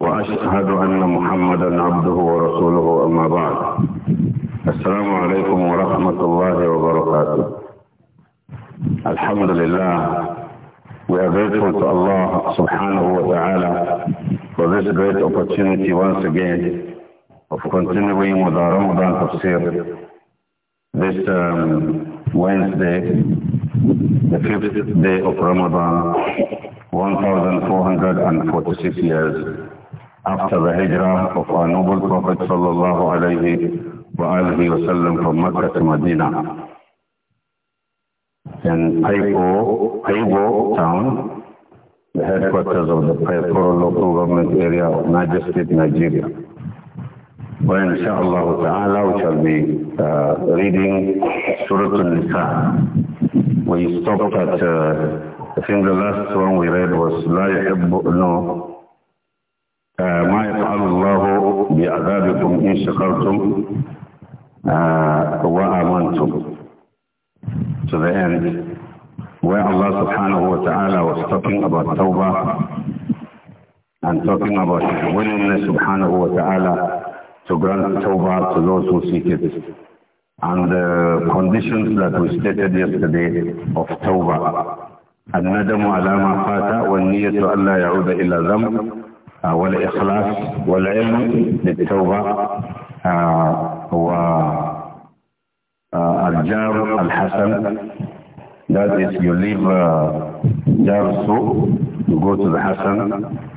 وأشهد أن محمدا عبده ورسوله أما بعد السلام عليكم ورحمة الله وبركاته الحمد لله We are grateful to Allah subhanahu wa ta'ala for this great opportunity once again of continuing with our Ramadan tafsir this um, Wednesday, the fifth day of Ramadan, 1446 years after the hijrah of our noble Prophet sallallahu alayhi wa alihi sallam from Mecca to Medina. In Paipo, Paipo town, the headquarters of the Paipo local government area of Niger State, Nigeria. Well, inshallah ta'ala, we shall be uh, reading Surah Al-Nisa. We stopped at, uh, I think the last one we read was La Yuhibbu, no, ما يفعل الله بعذابكم إن شكرتم وآمنتم to the end where Allah subhanahu wa ta'ala was talking about tawbah and talking about his willingness subhanahu wa ta'ala to grant tawbah to those who seek it and the conditions that we stated yesterday of tawbah الندم على ما فات والنية ألا يعود إلى ذنب والإخلاص والعلم للتوبة والجار الحسن that is you leave jar you go to the hasan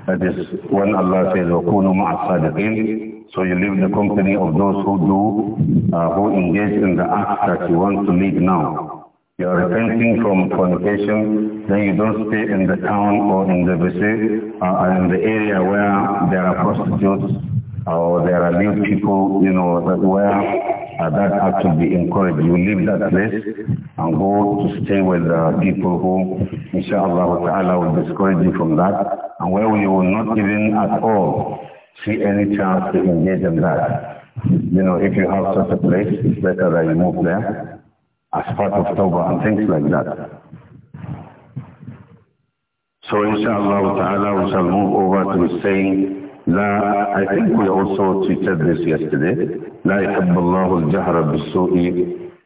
that is when Allah says وَكُونُوا مَعَ الصَّادِقِينَ so you leave the company of those who do uh, who engage in the acts that you want to leave now you are repenting from fornication, then you don't stay in the town or in the vicinity uh, in the area where there are prostitutes or there are new people, you know, that where uh, that has to be encouraged. You leave that place and go to stay with uh, people who, inshallah ta'ala, will discourage you from that and where you will not even at all see any chance to engage in that. You know, if you have such a place, it's better that you move there as part of Toba and things like that. So inshallah ta'ala we shall move over to saying لا I think we also tweeted this yesterday لا يحب الله الجهر بالسوء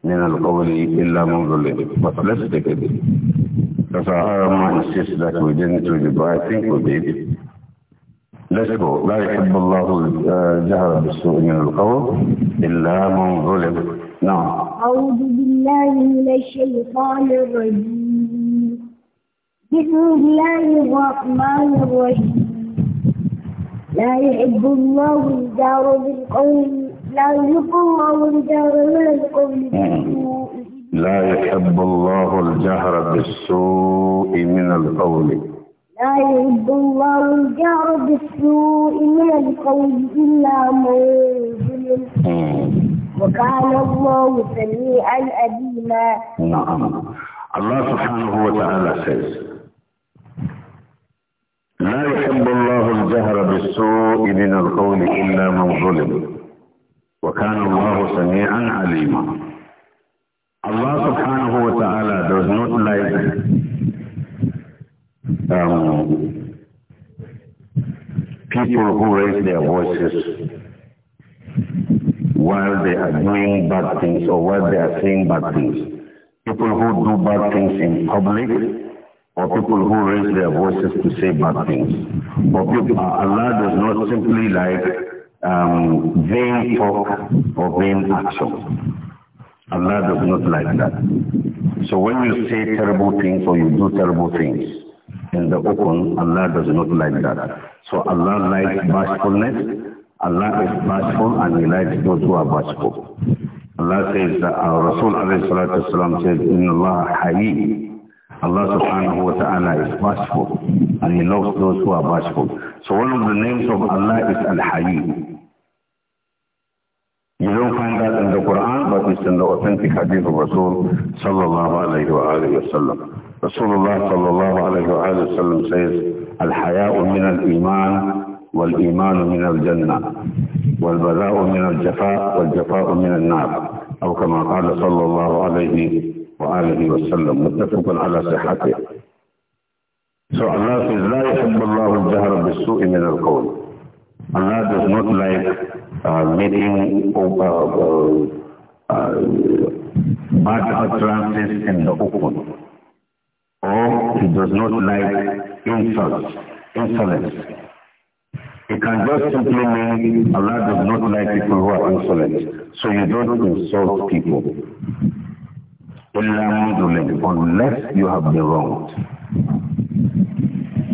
من القول إلا من ظلم but let's take it because our Imam insists that we didn't read it but I think we did let's go لا يحب الله الجهر بالسوء من القول إلا من ظلم نعم أعوذ بالله من الشيطان الرجيم بسم الله الرحمن الرحيم لا يحب الله الجار بالقول لا يحب الله الجار من القول لا يحب الله الجهر بالسوء من القول لا يحب الله الجهر بالسوء من القول إلا من ظلم وكان الله سميعا أليما نعم الله سبحانه وتعالى says لا يحب الله الجهر بالسوء من القول إلا من ظلم وكان الله سميعا عليما Allah subhanahu wa ta'ala does not like um, people who raise their voices while they are doing bad things or while they are saying bad things. People who do bad things in public or people who raise their voices to say bad things. But people, Allah does not simply like um, vain talk or vain action. Allah does not like that. So when you say terrible things or you do terrible things in the open, Allah does not like that. So Allah likes bashfulness. Allah is bashful and He likes those who are bashful. Allah says, that our uh, Rasul alayhi salatu says, In Allah حي. Allah subhanahu wa ta'ala is bashful and He loves those who are bashful. So one of the names of Allah is Al-Hayy. You don't find that in the Quran, but it's in the authentic hadith of Rasul sallallahu alayhi wa alayhi wa sallam. Rasulullah sallallahu alayhi wa alayhi wa sallam says, al hayyau min al-Iman wal-Iman min al-Jannah wal-Bada'u min al-Jafa wal-Jafa'u min al-Nar. أو كما قال صلى الله عليه وآله وسلم متفق على صحته So Allah says, لا يحب الله الجهر بالسوء من القول Allah does not like uh, making uh, uh, uh, bad utterances in the open. Or he does not like insults, insolence. It can just simply mean Allah does not like people who are insolent. So you don't insult people unless you have been wronged.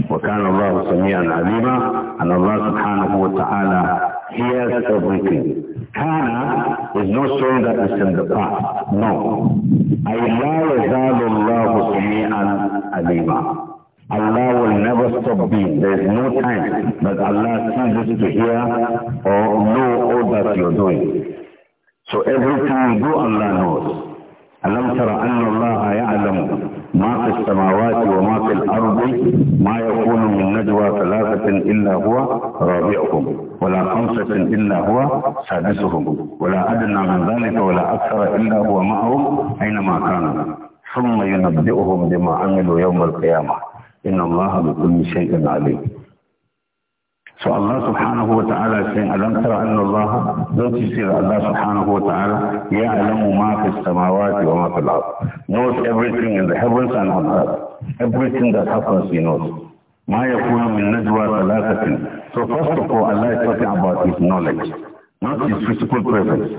وَكَانَ اللَّهُ سَمِيعًا عَلِيمًا And Allah subhanahu wa ta'ala hears everything. Kana is not showing that it's in the past. No. أَيْ لَا يَزَالُ اللَّهُ سَمِيعًا عَلِيمًا Allah will never stop being. There is no time that Allah ceases to hear or know all that you're doing. So every time you go, Allah knows. ألم تر أن الله يعلم ما في السماوات وما في الأرض ما يكون من نجوى ثلاثة إلا هو رابعهم ولا خمسة إلا هو سادسهم ولا أدنى من ذلك ولا أكثر إلا هو معهم أينما كانوا ثم ينبئهم بما عملوا يوم القيامة إن الله بكل شيء عليم So Allah subhanahu wa ta'ala is saying, Alam tara anna Allah, don't you see that Allah subhanahu wa ta'ala, ya'alamu ma fi samawati wa ma fi al Knows everything in the heavens and on earth. Everything that happens, He knows. Ma yakuna min najwa thalathatin. So first of all, Allah is talking about His knowledge, not His physical presence.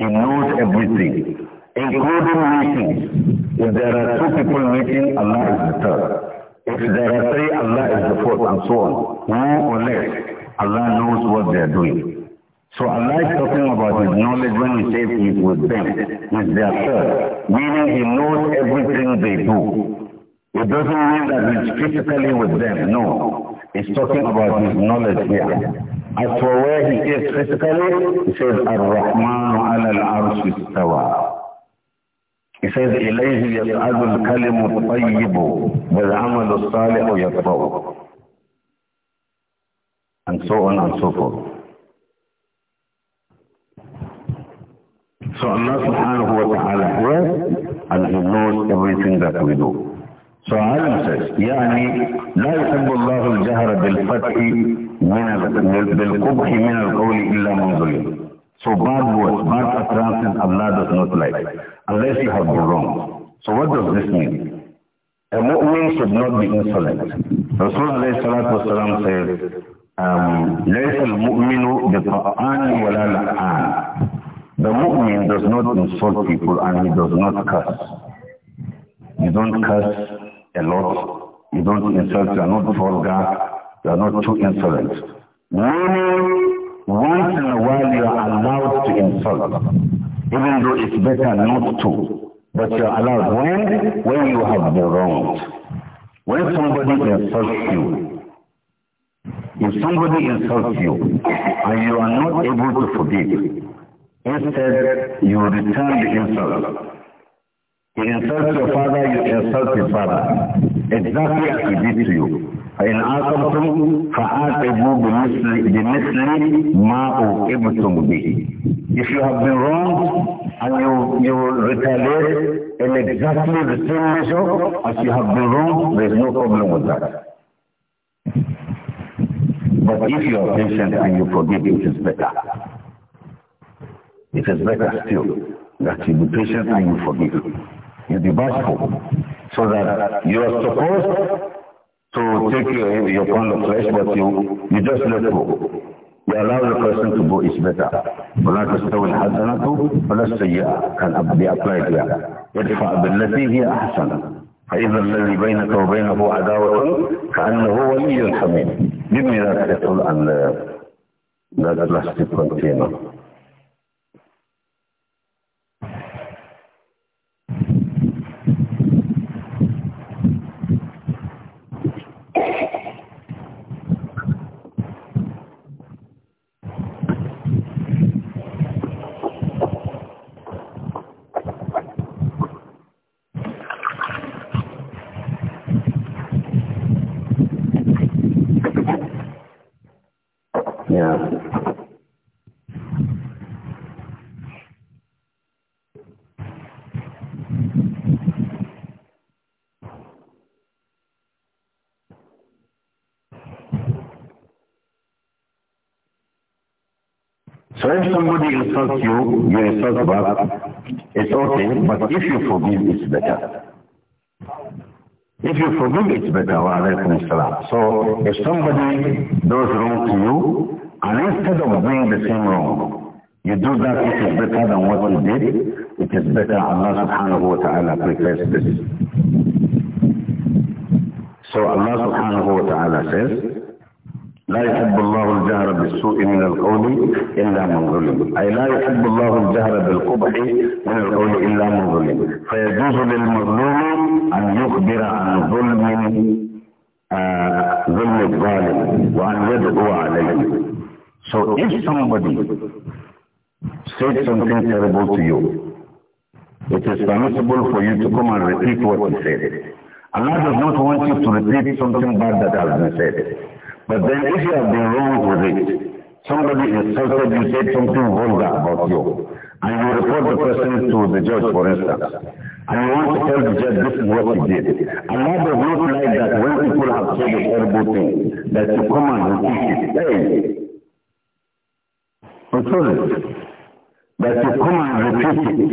He knows everything, including meetings. If there are two people meeting, Allah is the third. If they are three, Allah is the fourth and so on. More or less, Allah knows what they are doing. So Allah is talking about His knowledge when He says He is with them, with their self, meaning He knows everything they do. It doesn't mean that He's physically with them, no. He's talking about His knowledge here. As for where He is physically, He says, Ar-Rahman ala al-Arsh He says, إِلَيْهِ يَسْعَدُ الْكَلِمُ الطَّيِّبُ وَالْعَمَلُ الصَّالِحُ يَطْرَعُ And so on and so forth. So Allah subhanahu wa ta'ala hears and He knows everything that we do. So Allah says, يعني لا يحب الله الجهر بالفتح من بالقبح من القول إلا من ظلم. So bad words, bad utterances Allah does not like, unless you have been wrong. So what does this mean? A mu'min should not be insolent. Rasulullah says, um, لَيْسَ الْمُؤْمِنُ بِطَعَانِ وَلَا لَعَانِ The mu'min does not insult people and he does not curse. You don't curse a lot. You don't insult. You are not vulgar. You are not too insolent. Meaning once in a while you are allowed to insult, even though it's better not to. But you're allowed when? When you have been wronged. When somebody insults you, if somebody insults you and you are not able to forgive, instead you return the insult. He insults your father, you insult his father exactly as we did to you. فإن عاقبتم فعاقبوا بمثل بمثل ما عوقبتم به. If you have been wrong and you you retaliate in exactly the same measure as you have been wrong, there is no problem with that. But if you are patient and you forgive, it is better. It is better still that you be patient and you forgive. You be bashful. so that you are supposed to take your, your pound of flesh, but you, you just let go. You allow the person to go, it's better. وَلَا تَسْتَوِ الْحَسَنَةُ وَلَا السَّيِّئَةُ can be applied here. ادفع بالتي هي أحسن فإذا الذي بينك وبينه عداوة كأنه ولي الحميد. Give me that little and uh, that plastic container. When somebody insults you, you insult back, it's okay, but if you forgive, it's better. If you forgive, it's better. So if somebody does wrong to you, and instead of doing the same wrong, you do that it is better than what you did, it is better Allah subhanahu wa ta'ala prefers this. So Allah subhanahu wa ta'ala says, لا يحب الله الجهر بالسوء من القول إلا من ظلم أي لا يحب الله الجهر بالقبح من القول إلا من ظلم فيجوز للمظلوم أن يخبر عن ظلم ظلم الظالم وأن يدعو عليه So if somebody said something terrible to you, it is permissible for you to come and repeat what he said. Allah does not want you to repeat something bad that has been said. But then if you have been wrong with it, somebody insulted you, said something vulgar about you, and you report the person to the judge, for instance, and you want to tell the judge this is what he did. Allah does not like that when people have said a terrible thing, that you come and repeat it. Hey, it that you come and repeat it.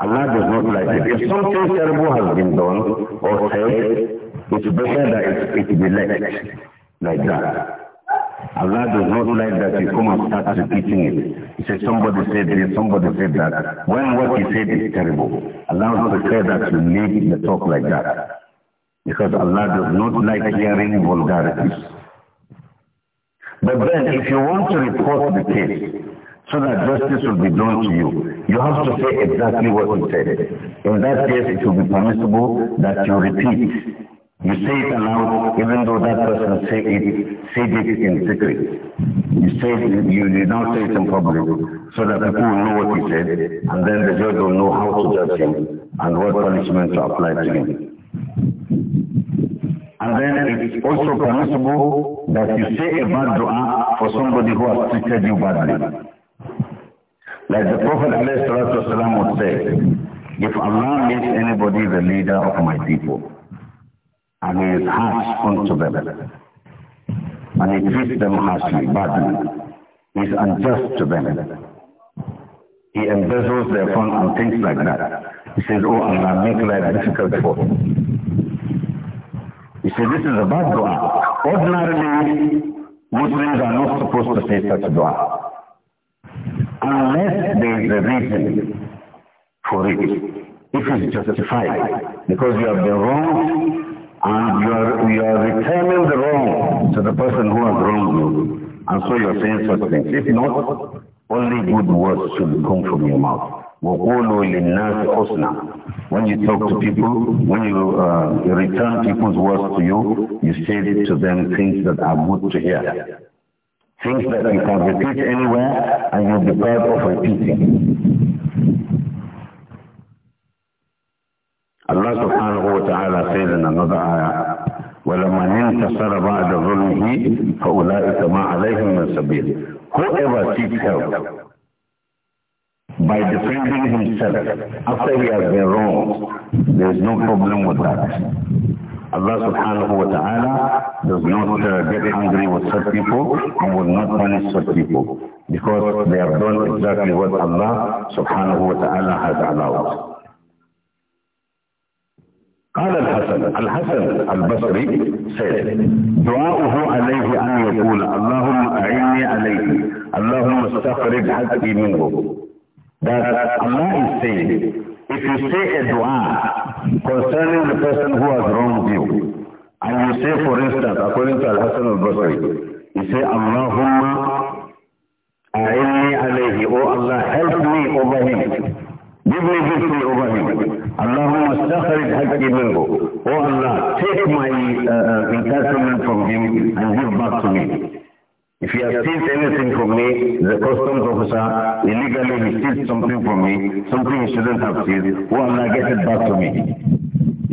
Allah does not like it. If something terrible has been done or said, it's better that it, it be left. like that. Allah does not like that you come and start repeating it. You say somebody said this, somebody said that. When what he said is terrible, Allah does prefer that you leave the talk like that. Because Allah does not like hearing vulgarities. But then if you want to report the case, so that justice will be done to you. You have to say exactly what you said. In that case, it will be permissible that you repeat You say it aloud, even though that person say it, said it in secret. You say it, you did not say it in public, so that people will know what you said, and then the judge will know how to judge him and what punishment to apply to him. And then it's also permissible that you say a bad dua for somebody who has treated you badly. Like the Prophet ﷺ would say, if Allah makes anybody the leader of my people, and he is harsh unto them. And he treats them harshly, badly. He is unjust to them. He embezzles their funds and things like that. He says, oh Allah, make life difficult for He says, this is a bad dua. Ordinarily, Muslims are not supposed to say such a dua. Unless there is a reason for it. If it's justified. Because you have been wrong and you are, you are returning the wrong to the person who has wronged you. And so you are saying such things. If not, only good words should come from your mouth. وَقُولُوا لِلنَّاسِ حُسْنًا When you talk to people, when you, uh, you return people's words to you, you say to them things that are good to hear. Things that you can repeat anywhere and you'll be proud of repeating. الله سبحانه وتعالى سيدنا نضع ولما انتصر بعد ظلمه فأولئك ما عليهم من سبيل whoever seeks help by defending himself after he has been wronged, there is no problem with that. Allah subhanahu wa ta'ala does not uh, get angry with such people and will not punish such people because they have done exactly what Allah subhanahu wa ta'ala has allowed. قال الحسن الحسن البصري سيد دعاؤه عليه أن يقول اللهم أعني عليه اللهم استخرج حقي منه that Allah is saying if you say a dua concerning the person who has wronged you and you say for instance according to al hassan al-Basri you say Allahumma أعني alayhi oh Allah help me over him Give me victory over him. Allahumma istakhrij haqqi minhu. Oh Allah, take my uh, entitlement from him and give back to me. If he has seized anything from me, the customs officer, illegally he seized something from me, something he shouldn't have seized, oh Allah, get it back to me.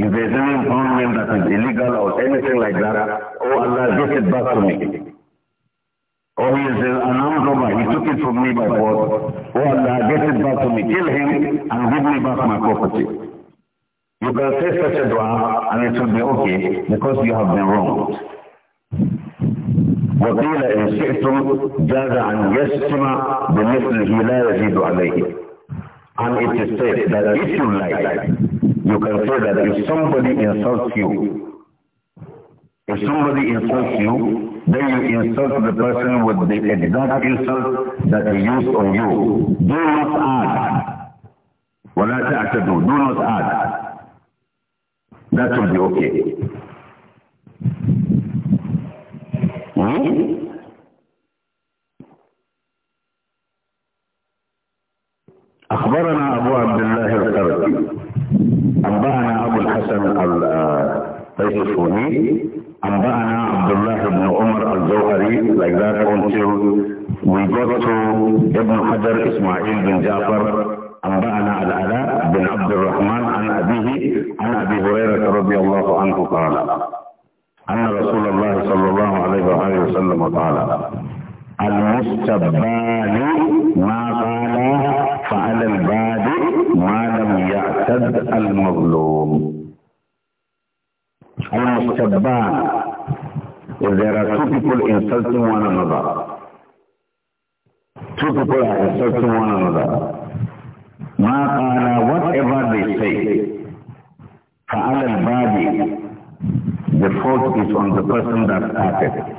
If there's any impoundment that is illegal or anything like that, oh Allah, get it back to me. Always uh, an armed robber, he took it from me by force. Oh Allah, get it back to me. Kill him and give me back my property. You can say such a dua and it will be okay because you have been wronged. وقيل إن شئتم جاز أن يسمع بمثله لا يزيد عليه. And it is said that if you like, you can say that if somebody insults you, if somebody insults you, Then you insult the person with the exact insult that he used on you. Do not add. وَلَا تَعْتَدُوا Do not add. That will be okay. Hmm? أخبرنا أبو عبد الله القرضي أنبأنا أبو الحسن الفيصوني أنبأنا عبد الله بن عمر الزوهري like that until we got to Ibn Hajar Ismail بن جعفر أنبأنا العلاء بن عبد الرحمن عن أبيه عن أبي هريرة رضي الله عنه قال أن رسول الله صلى الله عليه وآله وسلم قال المستبان ما قال فعل البادئ ما لم يعتد المظلوم Allah said, if there are two people insulting one another, two people are insulting one another, ما whatever they say, فعلى البادي the fault is on the person that started.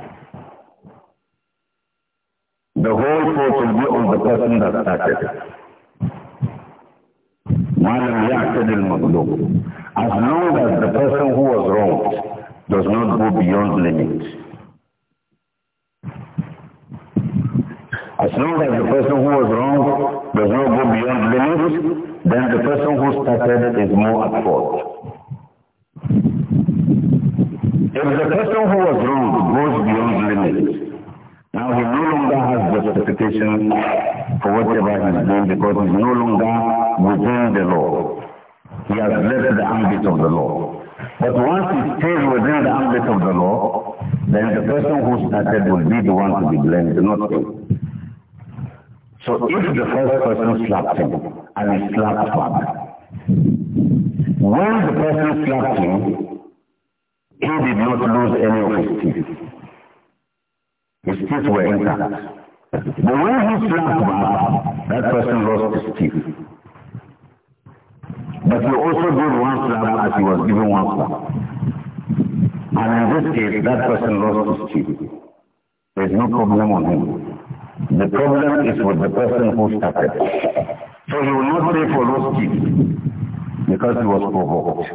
The whole fault will be on the person that started. ما لم يعتد المظلوم As long as the person who was wronged does not go beyond limits. As long as the person who was wronged does not go beyond limits, then the person who started is more at fault. If the person who was wronged goes beyond limits, now he no longer has justification for whatever he's done because he's no longer within the law he has left the ambit of the law. But once he stays within the ambit of the law, then the person who started will be the one to be blamed, not him. So if the first person slapped him and he slapped back, when the person slapped him, he did not lose any of his teeth. His teeth were intact. But when he slapped back, that person lost his teeth. But you God gave one slap as he was giving one slap. And in this case, that person lost his cheek. There is no problem on him. The problem is with the person who started. So he will not pay for those cheeks because he was provoked.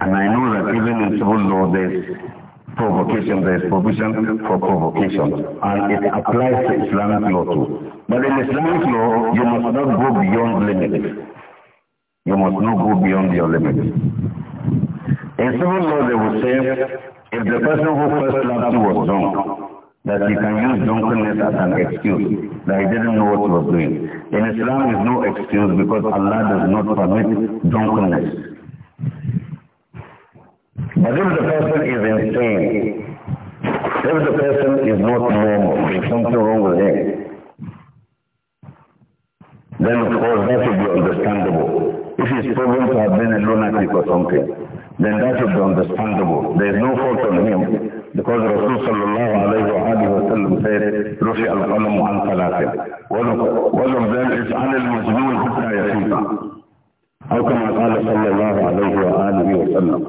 And I know that even in civil law, there provocation, there provision for provocation. And it applies to Islamic law too. But in Islamic law, you must not go beyond limits. You must not go beyond your limits. In civil law, they would say, if the person who first slapped you was drunk, that he can use drunkenness as an excuse, that he didn't know what he was doing. In Islam, is no excuse because Allah does not permit drunkenness. But if the person is insane, if the person is not normal, there's something wrong with him, then of course that would be understandable. If his problem to have been a lunatic or something, then that would be understandable. There is no fault on him because Rasul sallallahu alayhi wa alayhi sallam said, Rufi al-qalam an salatin. One of them is an al-majnun hatta yasita. How come Allah sallallahu alayhi wa alayhi wa sallam?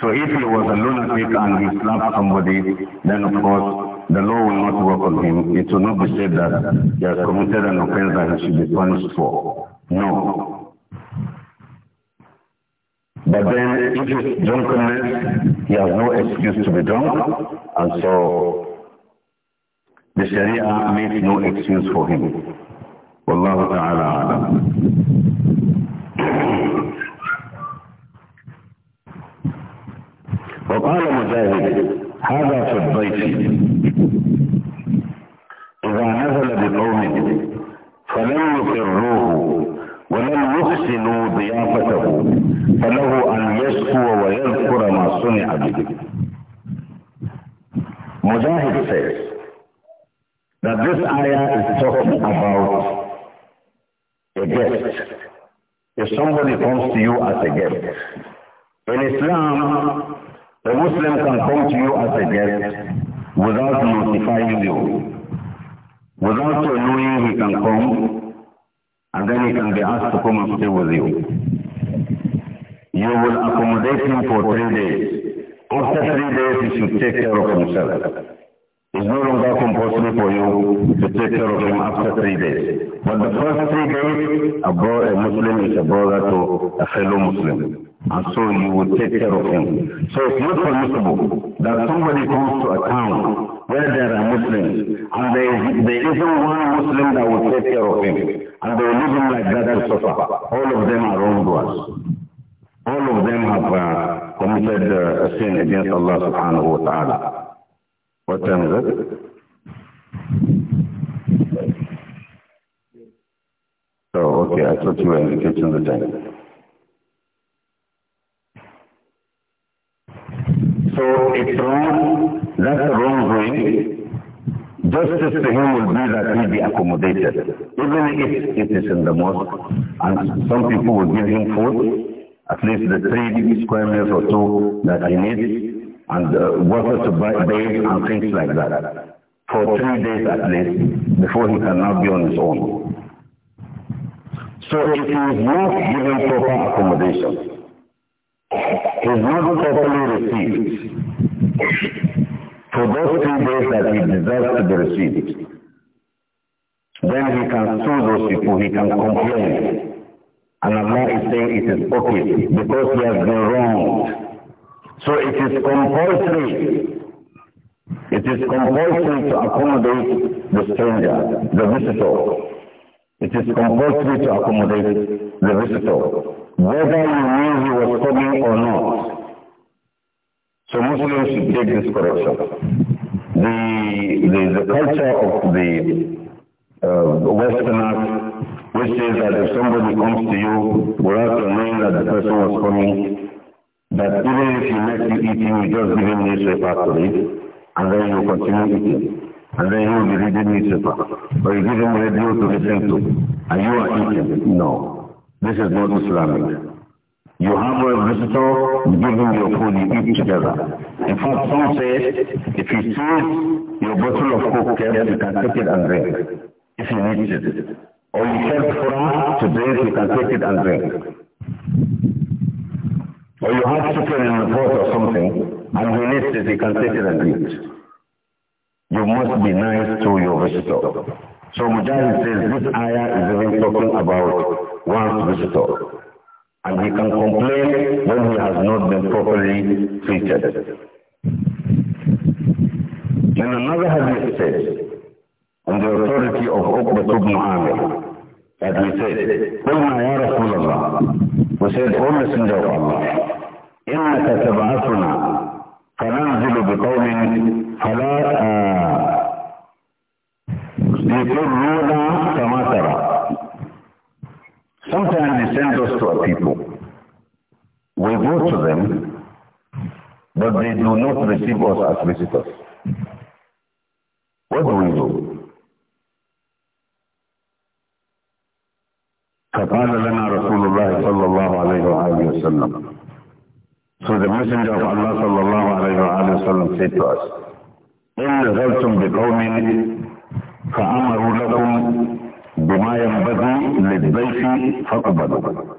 So if he was a lunatic and he slapped somebody, then of course the law will not work on him. It will not be said that he has committed an offense that he should be punished for. No. But then, if it's drunkenness, he has no excuse to be drunk, and so the Sharia makes no excuse for him. Wallahu ta'ala alam. هذا في الضيف إذا نزل بقوم فلم يقروه ولم يحسنوا ضيافته فله أن يشكو ويذكر ما صنع به Mujahid says that this ayah is talking about a guest. If somebody comes to you as a guest, in Islam, Muslim can come to you as a guest without notifying you. Without your knowing he can come and then he can be asked to come and stay with you. You will accommodate him for three days. After three days he should take care of himself. It's no longer compulsory for you to take care of him after three days. But the first three days, a, a Muslim is a brother to a fellow Muslim. And so you will take care of him. So it's not permissible that somebody comes to a town where there are Muslims and there, is, there isn't one Muslim that will take care of him. And they will live him like that and suffer. All of them are wrongdoers. All of them have uh, committed uh, a sin against Allah subhanahu wa ta'ala. What time is it? So, okay, I thought you were in the time. So it's wrong, that's a wrong way. Justice to him will be that he be accommodated. Even if it is in the mosque, and some people will give him food, at least the three square meals or two that he needs, and uh, water to bathe and things like that. For three days at least, before he can now be on his own. So if is not given proper accommodation is not properly received for those three days that he deserves to be received, then he can sue those people, he can complain. And Allah is saying it is okay because he has been wronged. So it is compulsory. It is compulsory to accommodate the stranger, the visitor. It is compulsory to accommodate the visitor whether you knew he was coming or not. So Muslims should take this correction. The, the, the culture of the uh, Westerners, which is that if somebody comes to you without knowing that the person was coming, that even if he makes you eating, you just give him newspaper to read, and then you continue eating and then you will be reading newspaper. Or you give him radio to listen to, and you are eating. No. This is not Islamic. You have a visitor, you give him your food, you eat together. In fact, some say, if you sees your bottle of Coke you can take it and drink, if you need it. Or you kept from to drink, you can take it and drink. Or you have chicken in the pot or something, and he needs it, you can take it and drink. You must be nice to your visitor. So Mujahid says this ayah is even talking about once visitor. And he can complain when he has not been properly treated. In another hadith says, on the authority of Uqbat ibn Amir, that we said, قلنا يا رسول الله, we said, O Messenger of Allah, إنك تبعثنا فننزل بقوم فلا يقرون كما ترى Sometimes we send us to a people. We go to them, but they do not receive us as visitors. What do we do? فقال لنا رسول الله صلى الله عليه وآله وسلم So the messenger of Allah صلى الله عليه وآله وسلم said to us إن نزلتم بقوم فأمروا لكم بما ينبغي للضيف فقبله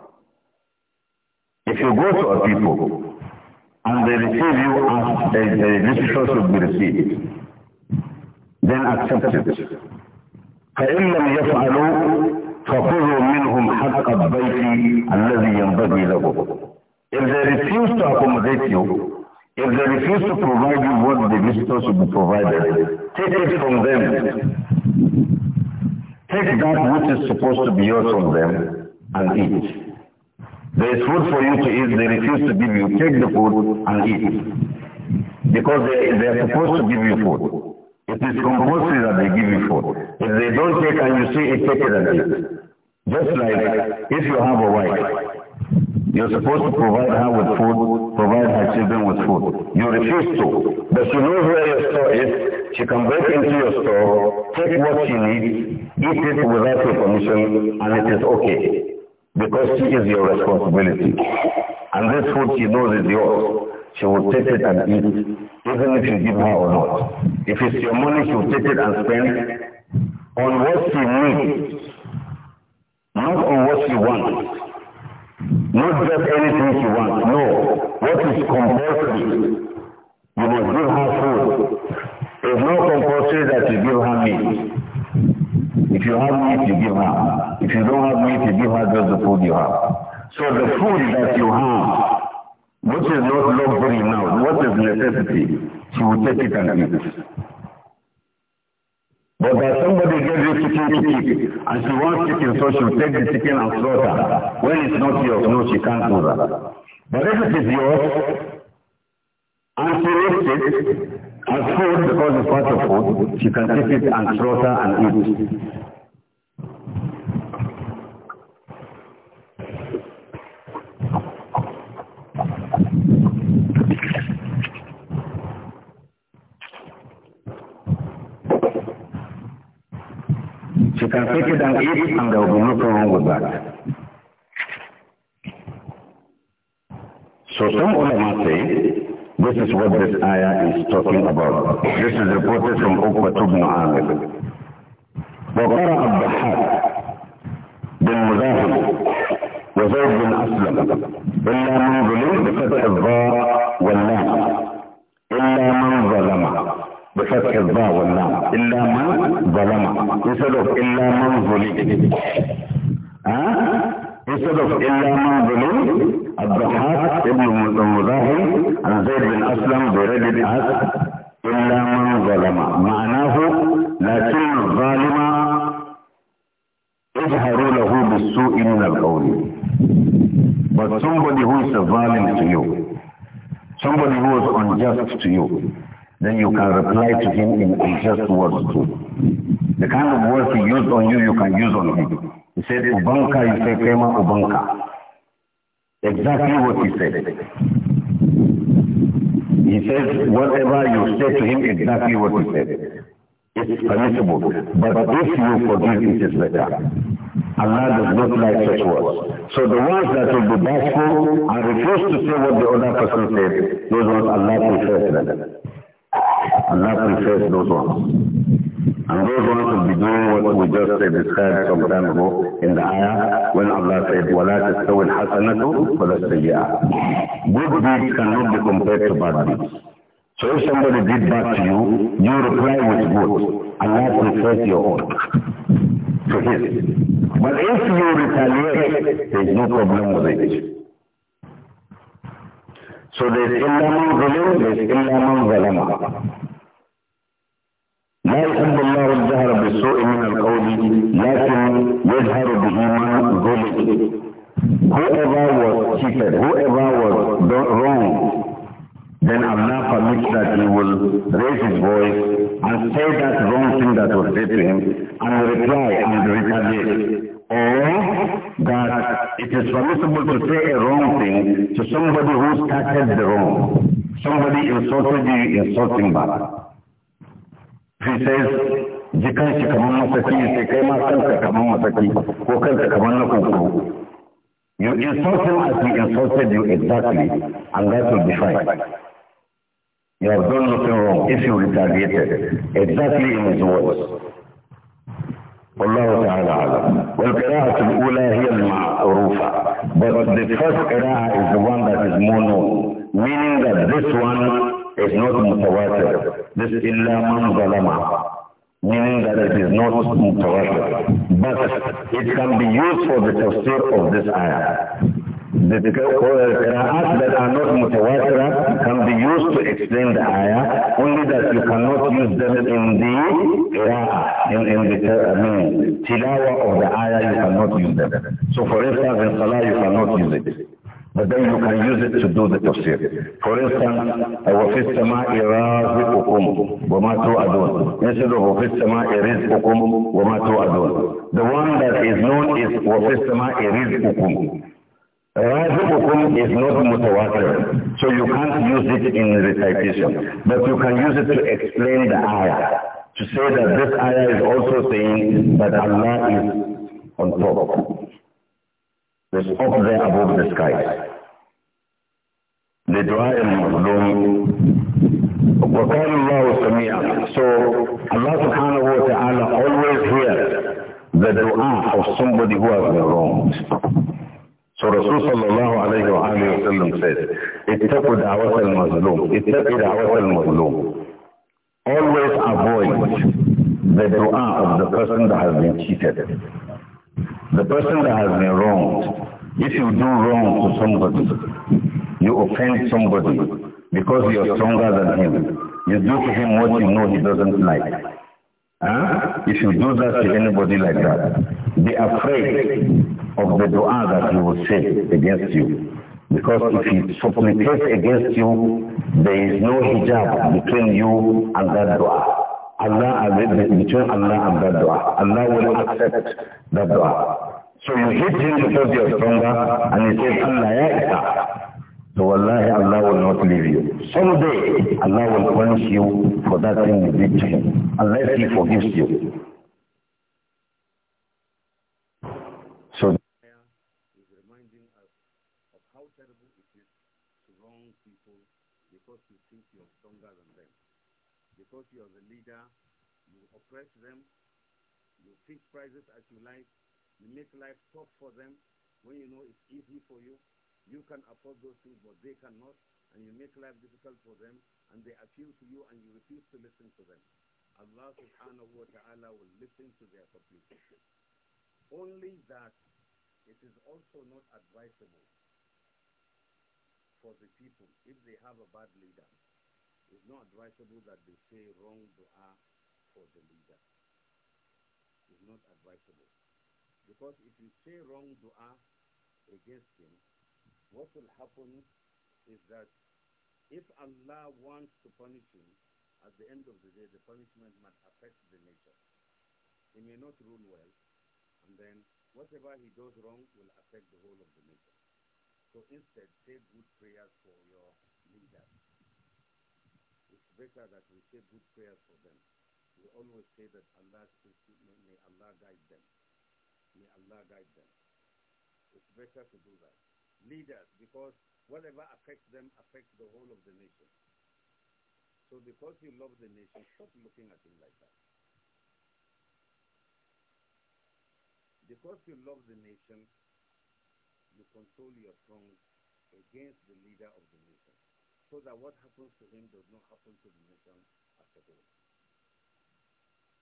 If you go to a people and they receive you as a, a visitor should be received, then accept it. فإن لم يفعلوا فخذوا منهم حق الضيف الذي ينبغي له. If they refuse to accommodate you, If they refuse to provide you what the visitor should be provided, take it from them. Take that which is supposed to be yours from them and eat. There is food for you to eat, they refuse to give you. Take the food and eat. Because they, they are supposed to give you food. It is compulsory that they give you food. If they don't take and you see it, take it and eat. Just like if you have a wife, you're supposed to provide her with food, provide her children with food. You refuse to. But you know where your store is, She can break into your store, take what she needs, eat it without your permission, and it is okay. Because she is your responsibility. And this food she knows is yours. She will take it and eat, even if you give her or not. If it's your money, she will take it and spend on what she needs, not on what she wants. Not just anything she wants, no. What is compulsory, you must give her food It's not compulsory that you give her meat. If you have meat, you give her. If you don't have meat, you give her just the food you have. So the food that you have, which is not luxury now, what is necessity, she will take it and eat it. But that somebody gives you chicken to keep and she wants chicken, so she will take the chicken and slaughter. When it's not yours, no, she can't do that. But if it is yours, and she eats it, As food, because it's part of food, she can take it and slaughter and eat. She can take it and eat and there will be no problem with that. So some of ulama say This is what this ayah is talking about. This is reported from Uqbat ibn Amir. وقرأ الضحاك بن مزاحم وزيد بن أسلم إلا من ظلم بفتح الضاء واللام إلا من ظلم بفتح الضاء واللام إلا من ظلم يسألوك إلا من ظلم ها السبب إلا من ظلم الضحاك ابن المظاهر عن زيد بن أسلم برجل أسد إلا من ظلم معناه لكن الظالم اجهروا له بالسوء من القول But somebody who is a violent to you, somebody who is unjust to you, Then you can reply to him in just words too. The kind of words he used on you, you can use on him. He said, Ubanka, you say, Kema Ubanka. Exactly what he said. He says, whatever you say to him, exactly what he said. It's permissible. But if you forgive, it is better. Allah does not like such words. So the ones that will be bashful and refuse to say what the other person said, those ones Allah prefers them. Allah prefers those ones. And those ones will be doing what we just said described some time ago in the ayah when Allah said, وَلَا تَسْتَوِ الْحَسَنَةُ وَلَا السَّيِّئَةُ Good deeds cannot be compared to bad deeds. So if somebody did bad to you, you reply with good. Allah prefers your own to his. But if you retaliate, there no problem with it. So there إِلَّا مَنْ ظَلِمَ, there إِلَّا مَنْ ظَلَمَ. لا يحب الله الجهر بالسوء من القول لكن يجهر به من ظلم Whoever was cheated, whoever was wrong, then Allah permits that he will raise his voice and say that wrong thing that was said to him and reply and retaliate. Or that it is permissible to say a wrong thing to somebody who started the wrong. Somebody insulted you, insulting back. He says, jikan shi kamar masaki sai kai ma kanka kamar masaki ko kanka kamar na you insult him as he insulted you exactly and that will be fine you have done nothing wrong if you retaliated exactly in his words والله تعالى أعلم والقراءة الأولى هي المعروفة but the first قراءة is the one that is more known meaning that this one is not mutawatir. This illa man zalama meaning that it is not mutawatir. But it can be used for the tafsir of this ayah. The qira'at that are not mutawatir can be used to explain the ayah, only that you cannot use them in the qira'ah, in, in the I mean, tilawa of the ayah, you cannot use them. So for instance, in salah, you cannot use it. But then you can use it to do the tafsir. For instance, وَفِي السَّمَاءِ رَازِقُكُمْ وَمَا تُوْعَدُونَ Instead of وَفِي السَّمَاءِ رِزْقُكُمْ وَمَا تُوْعَدُونَ The one that is known is وَفِي السَّمَاءِ رِزْقُكُمْ Razibukum is not mutawatir, so you can't use it in recitation, but you can use it to explain the ayah, to say that this ayah is also saying that Allah is on top. was up there above the sky. The dry dua al-Mazlum وقال Allah سميعا so Allah subhanahu wa ta'ala always hears the dua of somebody who has been wronged so Rasul sallallahu alayhi wa alayhi wa sallam says اتقوا دعوة المظلوم اتقوا دعوة المظلوم always avoid the dua of the person that has been cheated the person that has been wronged, if you do wrong to somebody, you offend somebody because you are stronger than him. You do to him what you know he doesn't like. Huh? If you do that to anybody like that, be afraid of the dua that he will say against you. Because if he supplicates against you, there is no hijab between you and that dua. Allah, between Allah and that dua. Allah will accept that dua. So you hit him because you're stronger and you says, Allah ya So Allāh Allah will not leave you. Someday Allah will punish you for that thing you did to him. Unless he forgives you. So is reminding us of how terrible it is to wrong people because you think you're stronger than them. Because you're the leader, you oppress them, you fix prices as you like, you make life tough for them when you know it's easy for you. You can afford those things, but they cannot. And you make life difficult for them, and they appeal to you, and you refuse to listen to them. Allah subhanahu wa ta'ala will listen to their supplication. Only that it is also not advisable for the people, if they have a bad leader, it's not advisable that they say wrong dua for the leader. It's not advisable. Because if you say wrong dua against him, what will happen is that if Allah wants to punish him, at the end of the day, the punishment might affect the nature. He may not rule well, and then whatever he does wrong will affect the whole of the nation. So instead, say good prayers for your leaders. It's better that we say good prayers for them. We always say that Allah, may Allah guide them. May Allah guide them. It's better to do that. Leaders, because whatever affects them affects the whole of the nation. So because you love the nation, stop looking at him like that. Because you love the nation, you control your tongue against the leader of the nation. So that what happens to him does not happen to the nation after all.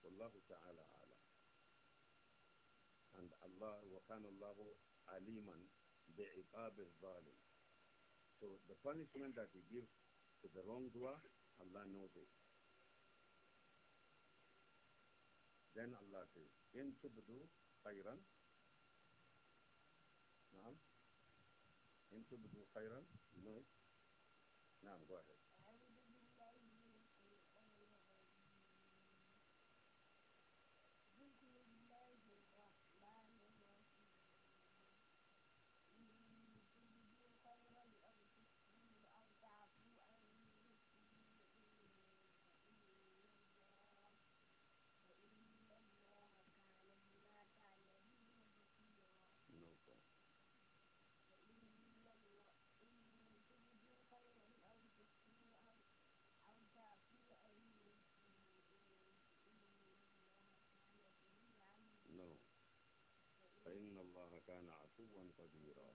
Wallahu ta'ala and Allah وَكَانَ اللَّهُ عَلِيمًا بِعِقَابِ الظَّالِمِ So the punishment that he gives to the wrongdoer, Allah knows it. Then Allah says, إِن تُبْدُوا خَيْرًا نعم إن تبدوا خيرا no. نعم go ahead كان عفوا قديرا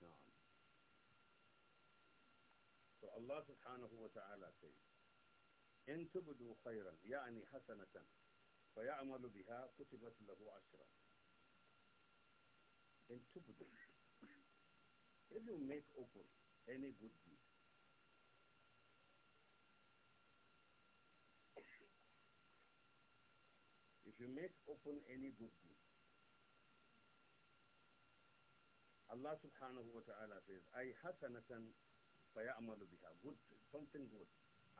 نعم فالله سبحانه وتعالى سيد إن تبدو خيرا يعني حسنة فيعمل بها كتبت له عشرة إن تبدو if you make open any good deed you make open any good book, Allah subhanahu wa ta'ala says, I hasanatan fayamalu biha, good, something good,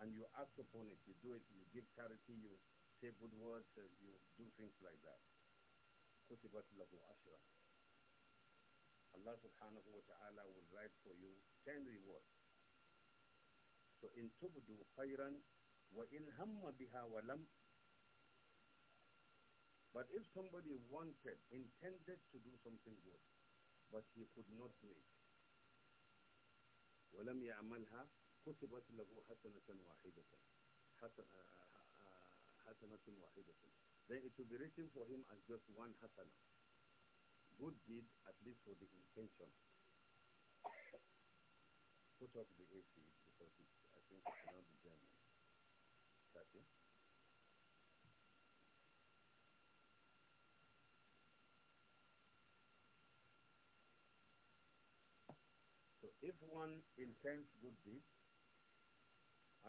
and you act upon it, you do it, you give charity, you say good words, you do things like that. Kutibat lahu ashra. Allah subhanahu wa ta'ala will write for you ten rewards. So in tubdu khayran wa in hamma biha wa lam but if somebody wanted, intended to do something good, but he could not do it, ولم يعملها كتبت له حسنة واحدة حسنة واحدة then it will be written for him as just one hasana. Good deed, at least for the intention. Put up the AC because I think it's the German. If one intends good deeds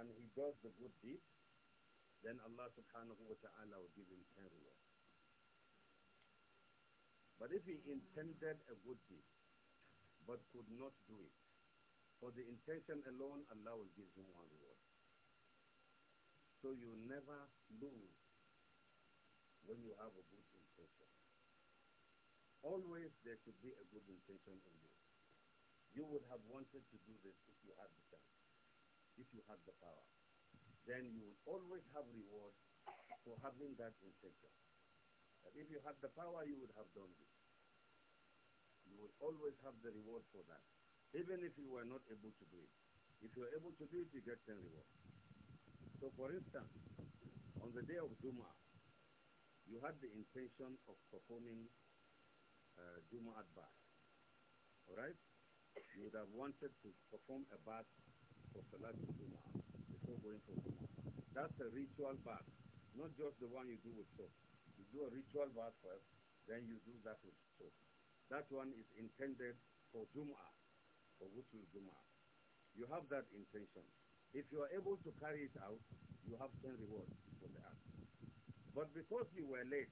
and he does the good deed, then Allah subhanahu wa ta'ala will give him 10 rewards. But if he intended a good deed but could not do it, for the intention alone, Allah will give him one reward. So you never lose when you have a good intention. Always there should be a good intention in you you would have wanted to do this if you had the chance, if you had the power. Then you would always have reward for having that intention. And if you had the power, you would have done this. You would always have the reward for that, even if you were not able to do it. If you are able to do it, you get the reward. So for instance, on the day of Juma, you had the intention of performing uh, Juma Adbar, alright? you would have wanted to perform a bath for Salat Juma before going for Juma. That's a ritual bath, not just the one you do with soap. You do a ritual bath first, then you do that with soap. That one is intended for Juma, for Wusul Juma. You have that intention. If you are able to carry it out, you have 10 rewards for the act. But because you were late,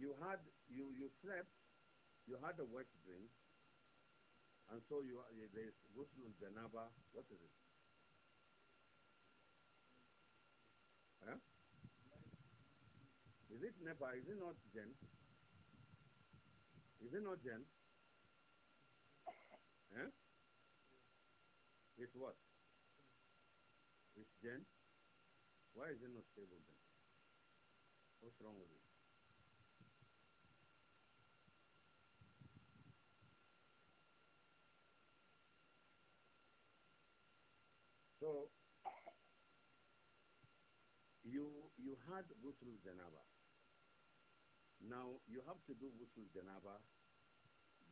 you had you, you slept you had a wet dream, and so you eh, there is ghusl janaba. What is it? Huh? Is it Nepa? Is it not Jen? Is it not Jen? Huh? It's what? It's Jen? Why is it not stable then? What's wrong with it? So you you had ghusl janaba. Now you have to do ghusl janaba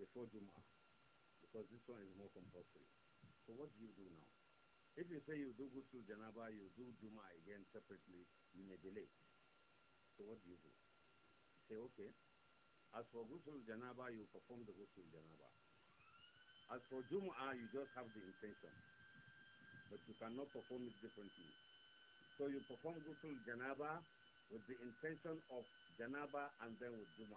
before Juma because this one is more compulsory. So what do you do now? If you say you do ghusl janaba, you do Juma again separately, you may delay. So what do you do? You say okay. As for ghusl janaba, you perform the ghusl janaba. As for Juma, you just have the intention but you cannot perform it differently. So you perform Ghusl Janaba with the intention of Janaba and then with Juma.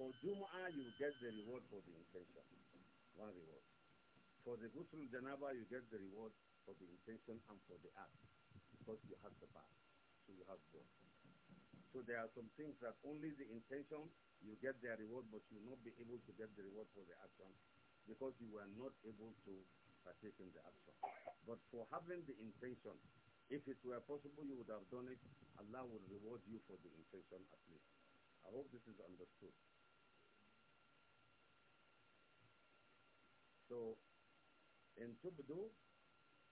For Juma, you get the reward for the intention, one reward. For the Ghusl Janaba, you get the reward for the intention and for the act, because you have the bath, so you have both. So there are some things that only the intention, you get the reward, but you will not be able to get the reward for the action, because you were not able to for taking the action. But for having the intention, if it were possible, you would have done it. Allah will reward you for the intention at least. I hope this is understood. So, in tubdu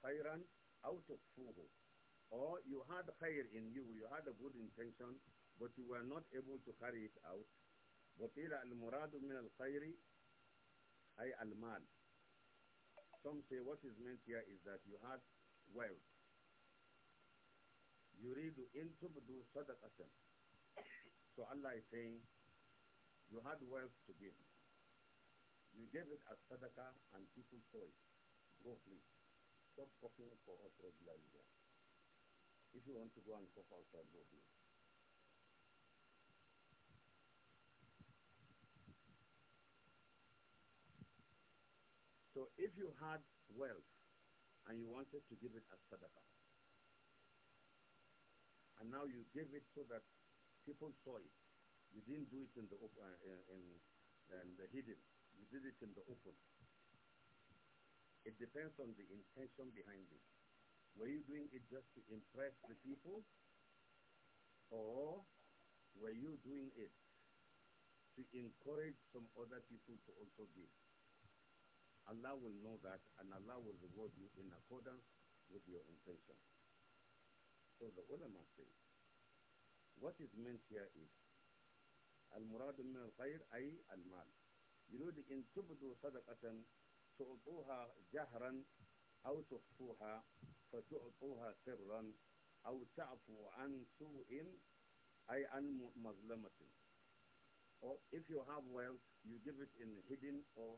khairan out of fuhu. Or you had khair in you, you had a good intention, but you were not able to carry it out. min al من الخير al المال some say what is meant here is that you have wealth. You read in tubdu sadaqatan. So Allah is saying, you had wealth to give. You gave it as sadaqah and people saw it. Go please. Stop copying for us regularly. If you want to go and cough outside, go please. So if you had wealth and you wanted to give it as sadaqah, and now you give it so that people saw it, you didn't do it in the open, uh, in, in the hidden. You did it in the open. It depends on the intention behind it. Were you doing it just to impress the people, or were you doing it to encourage some other people to also give? Allah will know that and Allah will reward you in accordance with your intention. So the ulama say, what is meant here is, المراد من الخير أي المال يريد إن تبدو صدقة تعطوها جهرا أو تخفوها فتعطوها سرا أو تعفو عن سوء أي عن مظلمة or if you have wealth you give it in hidden or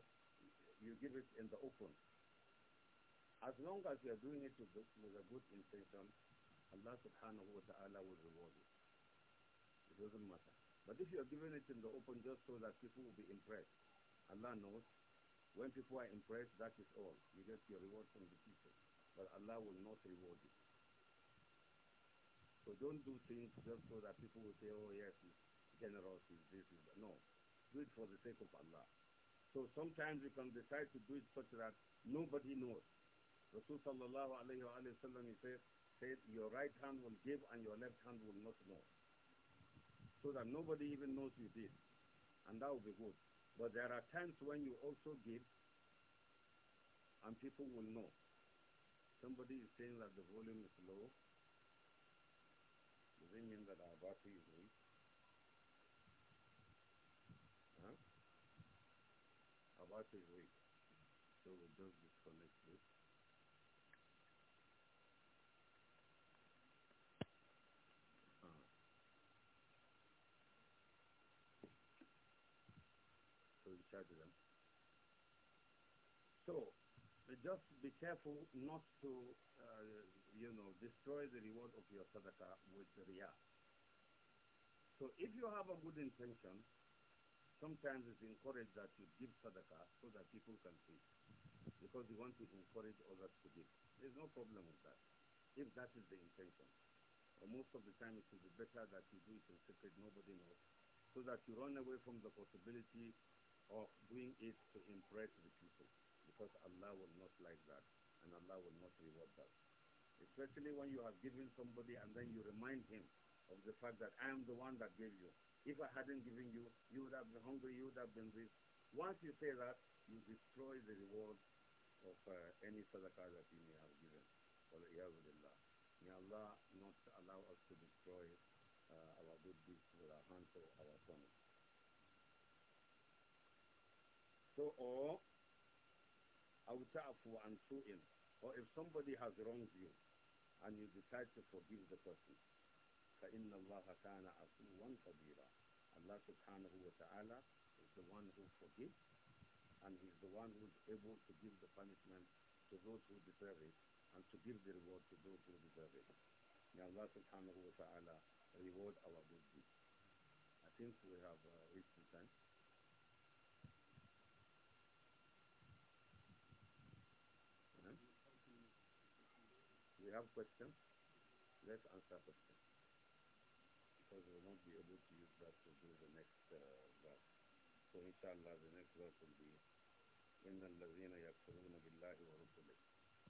you give it in the open. As long as you are doing it with, with a good intention, Allah subhanahu wa ta'ala will reward you. It doesn't matter. But if you are giving it in the open just so that people will be impressed, Allah knows. When people are impressed, that is all. You get your reward from the people. But Allah will not reward you. So don't do things just so that people will say, oh yes, generosity, this is... No. Do it for the sake of Allah. So sometimes you can decide to do it such that nobody knows. Rasul sallallahu alayhi wa sallam, he said, said, your right hand will give and your left hand will not know. So that nobody even knows you did. And that will be good. But there are times when you also give and people will know. Somebody is saying that the volume is low. Does it mean that our battery is weak? So just disconnect this. Uh, so just be careful not to, uh, you know, destroy the reward of your sadaqah with riyah. So if you have a good intention, Sometimes it's encouraged that you give sadaqah so that people can see. Because you want to encourage others to give. There's no problem with that. If that is the intention. But most of the time it will be better that you do it in secret, nobody knows. So that you run away from the possibility of doing it to impress the people. Because Allah will not like that. And Allah will not reward that. Especially when you have given somebody and then you remind him of the fact that I am the one that gave you. If I hadn't given you, you would have been hungry, you would have been this. Once you say that, you destroy the reward of uh, any sadaqah that you may have given. May Allah not allow us to destroy uh, our good deeds with our hands or our tongues. So, or, awta'afu an su'in, or if somebody has wronged you, and you decide to forgive the person, فَإِنَّ اللَّهَ كَانَ عَفُوًّا قَدِيرًا Allah subhanahu wa ta'ala is the one who forgives and he's the one who's able to give the punishment to those who deserve it and to give the reward to those who deserve it. May Allah subhanahu wa ta'ala reward our good deeds. I think we have uh, reached the time. We have questions. Let's answer questions because we will not be able to use that to do the next uh, verse. So inshallah the next verse will be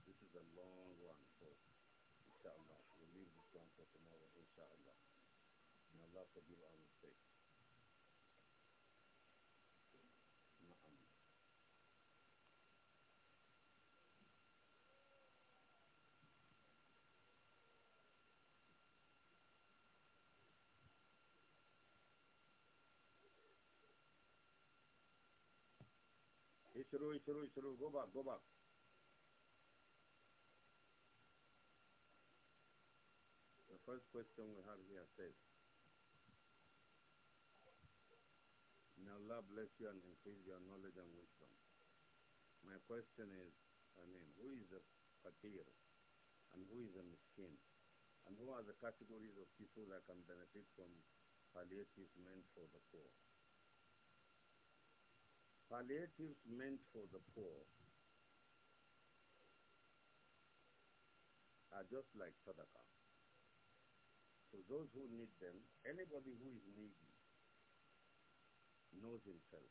This is a long one, so inshallah we'll leave this one for tomorrow inshallah. May Allah forgive our mistakes. It's through, it's Go back, go back. The first question we have here says, May Allah bless you and increase your knowledge and wisdom. My question is, I mean, who is a fakir and who is a miskin? And who are the categories of people that can benefit from palliative meant for the poor? palliatives meant for the poor are just like sadaqah. So those who need them, anybody who is needy knows himself.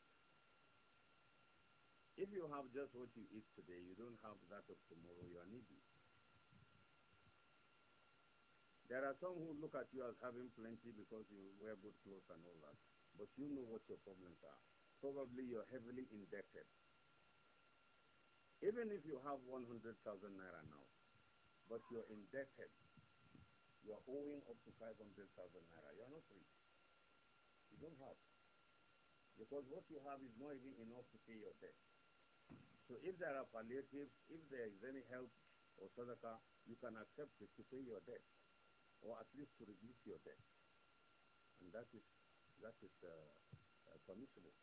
If you have just what you eat today, you don't have that of tomorrow, you are needy. There are some who look at you as having plenty because you wear good clothes and all that, but you know what your problems are probably you're heavily indebted. Even if you have 100,000 naira now, but you're indebted, you're owing up to 500,000 naira, you're not free. You don't have. Because what you have is not even enough to pay your debt. So if there are palliatives, if there is any help or sadaqah, you can accept it to pay your debt, or at least to reduce your debt. And that is, that is uh, uh, permissible.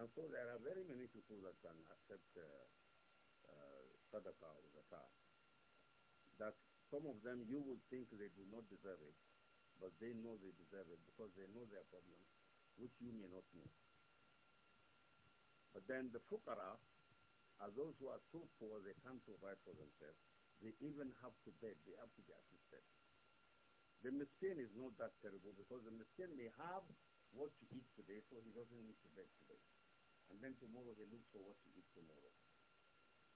And so there are very many people that can accept uh, uh, sadaqah or That some of them you would think they do not deserve it, but they know they deserve it because they know their problem, which you may not know. But then the fuqara are those who are so poor they can't provide for themselves. They even have to beg, they have to be assisted. The miskin is not that terrible because the miskin may have what to eat today, so he doesn't need to beg today. And then tomorrow they look for what to eat tomorrow.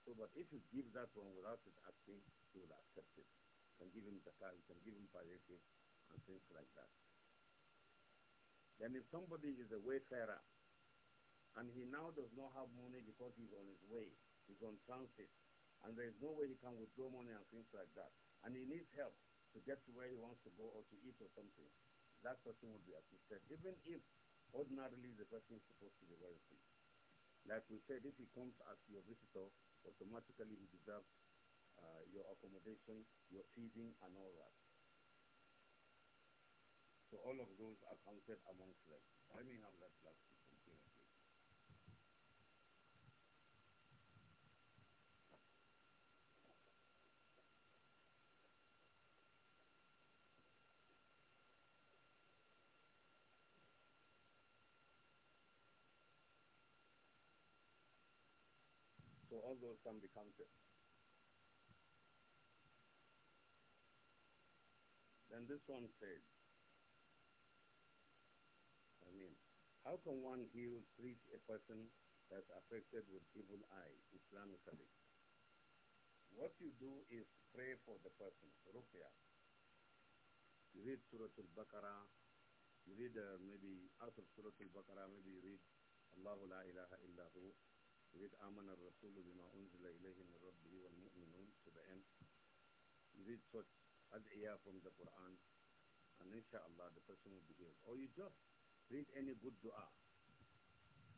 So, but if you give that one without it asking, he will accept it. You can give him car, you can give him palliative, and things like that. Then if somebody is a wayfarer, and he now does not have money because he's on his way, he's on transit, and there is no way he can withdraw money and things like that, and he needs help to get to where he wants to go or to eat or something, that person would be assisted, even if ordinarily the person is supposed to be wealthy. Like we said, if he comes as your visitor, automatically he deserves uh, your accommodation, your feeding, and all that. So all of those are counted amongst them. I mean, have that last. So all those can be counted. Then this one said, I mean, how can one heal, treat a person that's affected with evil eye Islamically? What you do is pray for the person, ruqya. You read Surah Al-Baqarah, you read uh, maybe out of Surah Al-Baqarah, maybe you read Allahu la ilaha illa وإذ آمن الرسول بما أنزل إليه من ربه والمؤمنون to the end. You read such ad'iyah from the Quran and inshallah the person will be healed. Or you just read any good dua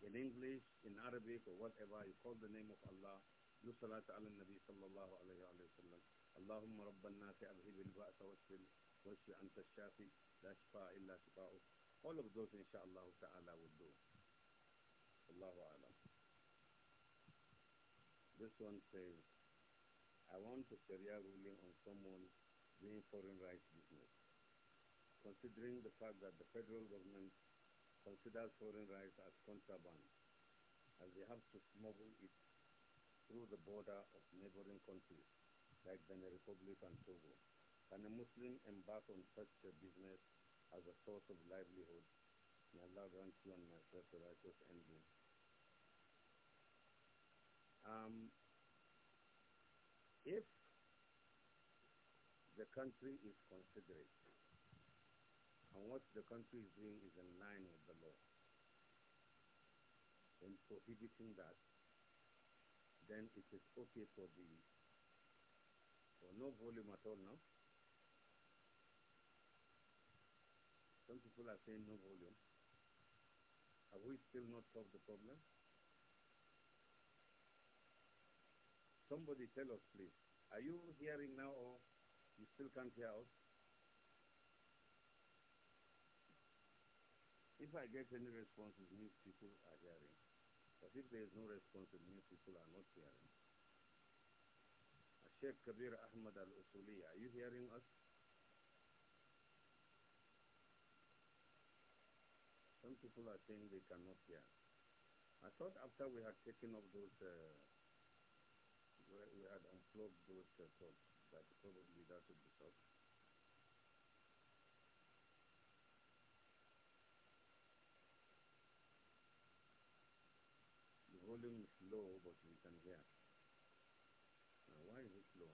in English, in Arabic or whatever, you call the name of Allah, do salat ala nabi sallallahu alayhi wa sallam. اللهم رب الناس أذهب البأس واشفل واشف أنت الشافي لا شفاء إلا شفاؤك. All of those inshallah ta'ala will do. الله أعلم. This one says, I want a Sharia ruling on someone doing foreign rights business. Considering the fact that the federal government considers foreign rights as contraband, as they have to smuggle it through the border of neighboring countries, like the Republic and Togo. Can a Muslim embark on such a business as a source of livelihood? May Allah grant you and myself the righteous ending. Um, if the country is considerate and what the country is doing is in line with the law in prohibiting that, then it is okay for the for no volume at all now. Some people are saying no volume. Have we still not solved the problem? Somebody tell us, please. Are you hearing now or you still can't hear us? If I get any responses, means people are hearing. But if there is no response, means people are not hearing. Sheikh Kabir Ahmad Al-Usuli, are you hearing us? Some people are saying they cannot hear. I thought after we had taken up those... Uh, we had unclogged the western but probably that would be south. The volume is low, but we can hear. Now, why is it low?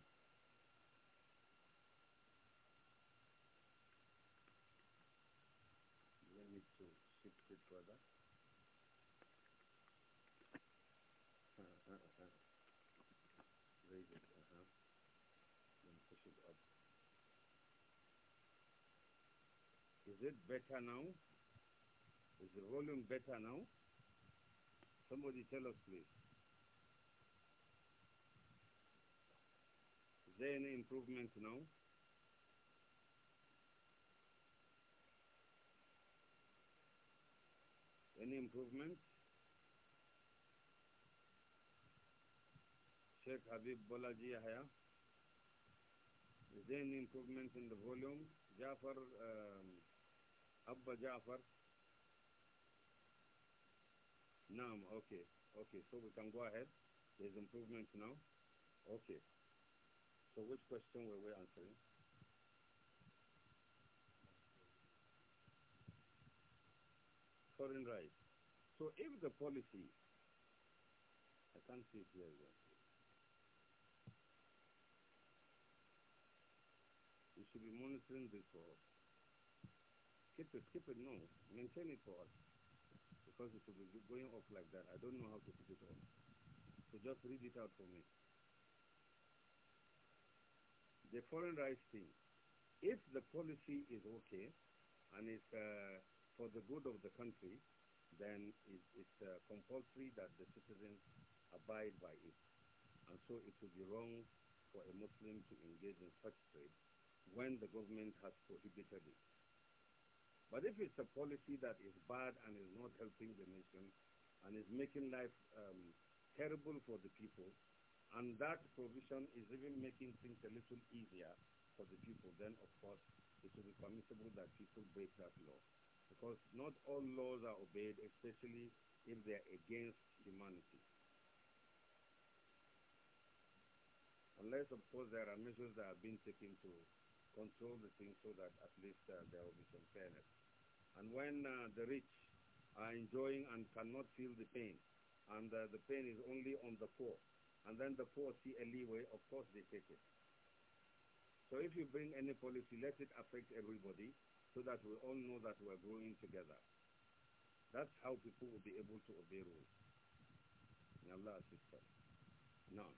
Let me to shift it further. it, uh-huh. up. Is it better now? Is the volume better now? Somebody tell us, please. Is there any improvement now? Any improvement? Sheikh Habib Bolaji Yahya. Is there any improvement in the volume? Jafar, um, Abba Jafar. Naam, no, okay. Okay, so we can go ahead. There's improvement now. Okay. So which question were we answering? Foreign rights. So if the policy, I can't see it here again. To be monitoring this for us. Keep it, keep it, no. Maintain it for us. Because it will be going off like that. I don't know how to put it on. So just read it out for me. The foreign rights thing. If the policy is okay and it's uh, for the good of the country, then it, it's uh, compulsory that the citizens abide by it. And so it would be wrong for a Muslim to engage in such trade when the government has prohibited it. But if it's a policy that is bad and is not helping the nation and is making life um, terrible for the people, and that provision is even making things a little easier for the people, then of course it should be permissible that people break that law. Because not all laws are obeyed, especially if they are against humanity. Unless, of course, there are measures that have been taken to control the thing so that at least uh, there will be some fairness. And when uh, the rich are enjoying and cannot feel the pain, and uh, the pain is only on the poor, and then the poor see a leeway, of course they take it. So if you bring any policy, let it affect everybody so that we all know that we are growing together. That's how people will be able to obey rules. May Allah assist us. Now.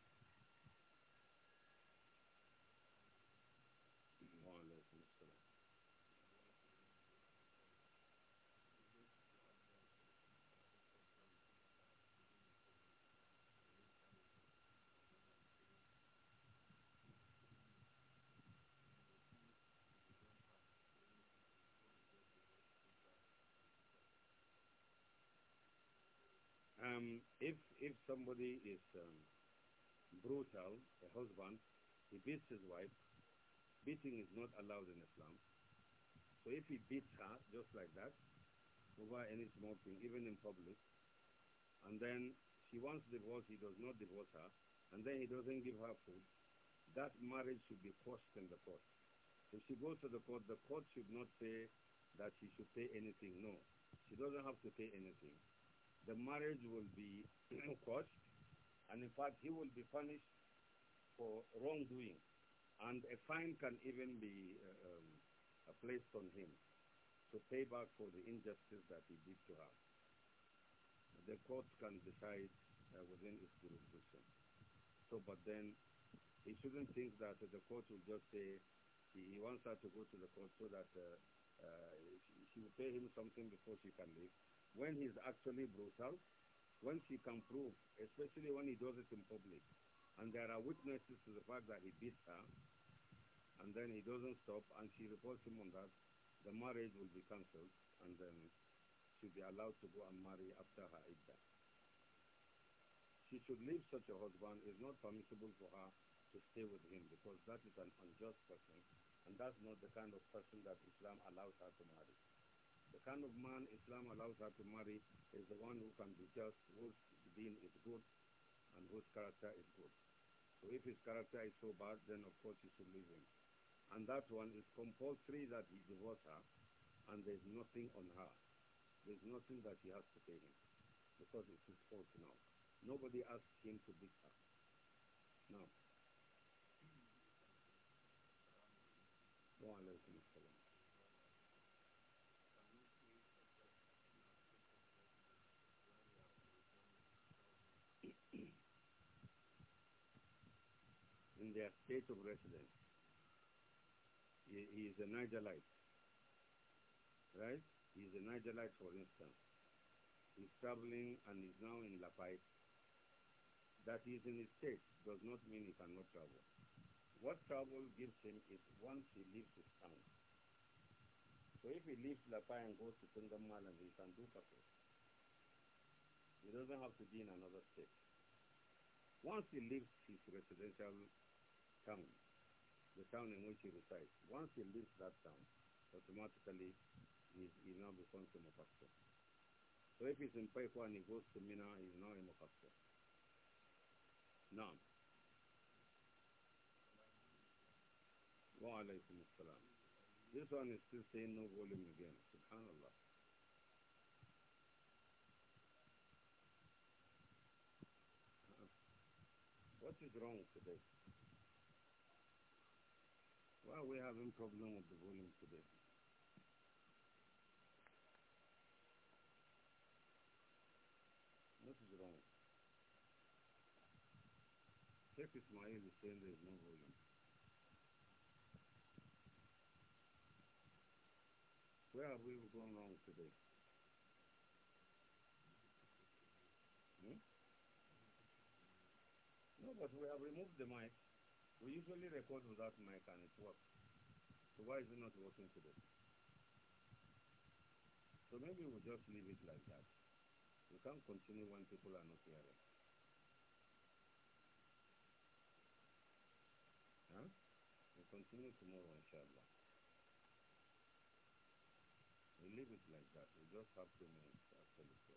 um, if if somebody is um, brutal, a husband, he beats his wife. Beating is not allowed in Islam. So if he beats her just like that, over any small thing, even in public, and then she wants divorce, he does not divorce her, and then he doesn't give her food, that marriage should be forced in the court. If she goes to the court, the court should not say that she should pay anything. No, she doesn't have to pay anything the marriage will be quashed, and in fact, he will be punished for wrongdoing, and a fine can even be uh, um, uh, placed on him to pay back for the injustice that he did to her. The court can decide uh, within its jurisdiction. So, but then he shouldn't think that the court will just say he, he wants her to go to the court so that uh, uh, she, she will pay him something before she can leave when he's actually brutal, when she can prove, especially when he does it in public, and there are witnesses to the fact that he beat her, and then he doesn't stop, and she reports him on that, the marriage will be cancelled, and then she'll be allowed to go and marry after her iddah. She should leave such a husband. It's not permissible for her to stay with him because that is an unjust person, and that's not the kind of person that Islam allows her to marry. The kind of man Islam allows her to marry is the one who can be just, whose deen is good, and whose character is good. So if his character is so bad, then of course you should leave him. And that one is compulsory that he divorce her, and there's nothing on her. There's nothing that he has to pay him, because it's his fault now. Nobody asked him to beat her. No. Wa in their state of residence. He, he is a Nigerite, right? He is a Nigerite, for instance. He's traveling and is now in Lapai. That he is in his state does not mean he cannot travel. What travel gives him is once he leaves his town. So if he leaves Lapai and goes to Tungamala, he can do Fakur. He doesn't have to be in another state. Once he leaves his residential the town in which he resides. Once he leaves that town, automatically he, he now becomes a Mufasir. So if he's in Paikwa and he goes to Mina, he's now a Mufasir. Now, وعليكم This one is still saying no volume again. Subhanallah. Uh-huh. What is wrong today? Why are we having problem with the volume today? What is wrong? Check if Ismail is saying there is no volume. Where are we going wrong today? Hmm? No, but we have removed the mic. We usually record without mic and it works. So why is it not working today? So maybe we'll just leave it like that. We can't continue when people are not hearing. Huh? We'll continue tomorrow, inshallah. We leave it like that. We just have two minutes after the show.